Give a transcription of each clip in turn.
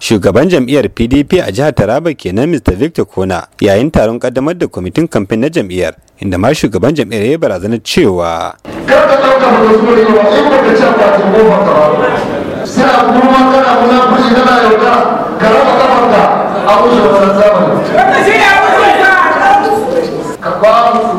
shugaban jam'iyyar pdp a jihar taraba kenan mr victor kona yayin taron kaddamar da kwamitin kamfen na jam'iyyar inda ma shugaban jam'iyyar ya barazana cewa kar ka ɗauka ba ba in ce ba ta goma ka ba sai a kuma kana fushi kana yauka ka raba kafanka a wuce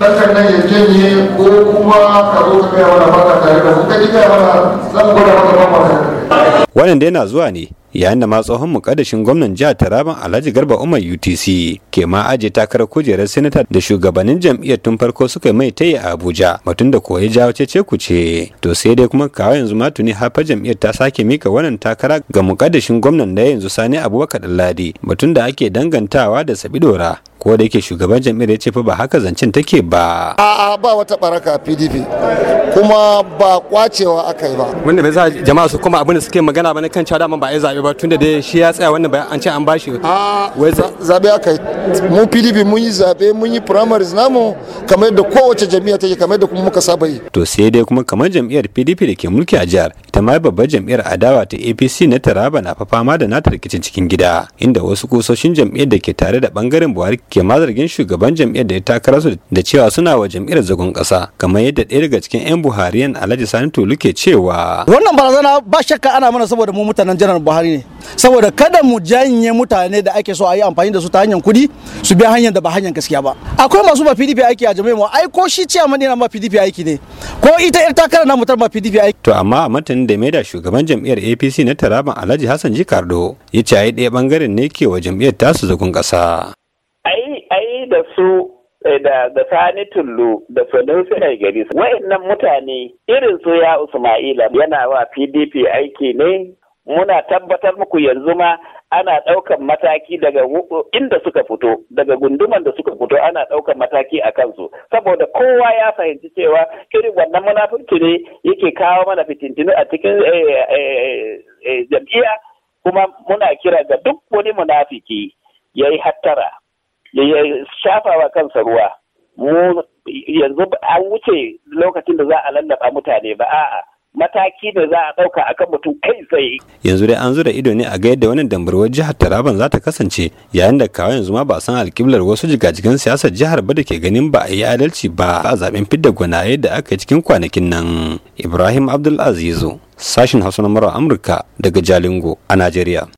dakar nan ya janye ko kuma ka zo ka kai wani baka tare da mu ka ji kai wani zan gwada maka ban wannan dai na zuwa ne yayin da ma tsohon mukaddashin gwamnan jihar Taraban Alhaji Garba Umar UTC ke ma aje takarar kujerar sinata da shugabannin jam'iyyar tun farko suka mai tayi a Abuja mutum da koyi jawo cece kuce to sai dai kuma kawo yanzu ma tuni hafa jam'iyyar ta sake mika wannan takara ga mukaddashin gwamnan da yanzu Sani Abubakar Ladi mutum da ake dangantawa da Sabidora ko da yake shugaban jam'iyyar ya ce fa ba haka zancen take ba a'a ba wata baraka PDP kuma ba kwacewa aka yi ba wanda bai sa jama'a su kuma abin da suke magana ba ne kan cewa ba ai zaɓe ba tunda dai shi ya tsaya wannan bayan an ce an bashi ah, wai zaɓe aka mu PDP mun yi zaɓe mun yi primaries namu kamar yadda kowace jami'a take kamar yadda kuma muka saba yi to sai dai kuma kamar jam'iyyar PDP da ke mulki a jihar ita ma babbar jam'iyyar adawa ta APC na Taraba na fama da nata rikicin cikin gida inda wasu kusoshin jam'iyyar da ke tare da bangaren Buhari ke ma zargin shugaban jam'iyyar da ya takara su da cewa suna wa jam'iyyar zagon kasa kamar yadda ɗaya daga cikin 'yan Buhariyan Alhaji Sani Tolu ke cewa wannan barazana ba shakka ana mana saboda mu mutanen janar Buhari ne saboda kada mu janye mutane da ake so a yi amfani da su ta hanyar kudi su bi hanyar da ba hanyar gaskiya ba akwai masu ba PDP aiki a jami'a mu ai ko shi amma ɗin ma PDP aiki ne ko ita yar takara na mutar ma PDP aiki to amma a matanin da maida shugaban jam'iyyar APC na Taraban Alhaji Hassan Jikardo ya ce ai ɗaya bangaren ne ke wa jam'iyyar tasu zagon ƙasa ai ai da su eh, da da sani tullu da sanusi mai gari wayannan mutane irin su ya usma'ila yana wa pdp aiki ne muna tabbatar muku yanzu ma ana ɗaukan mataki daga inda suka fito daga gunduman da suka fito ana ɗaukan mataki a kansu saboda kowa ya fahimci cewa irin wannan munafurci ne yake kawo mana fitintini a cikin eh, eh, eh, jam'iyya kuma muna kira ga duk wani munafiki ya yi hattara ya shafa wa kansa ruwa mu yanzu an wuce lokacin da za a lallafa mutane ba a'a mataki da za a ɗauka akan mutum kai tsaye. Yanzu dai an zura ido ne a ga yadda wannan dambarwar jihar Taraban za ta kasance yayin da kawai yanzu ma ba san alkiblar wasu jigajigan siyasar jihar ba da ke ganin ba a yi adalci ba a zaben fidda gwanaye da aka yi cikin kwanakin nan. Ibrahim Abdul Azizu, sashin Hausa na Amurka daga Jalingo a Najeriya.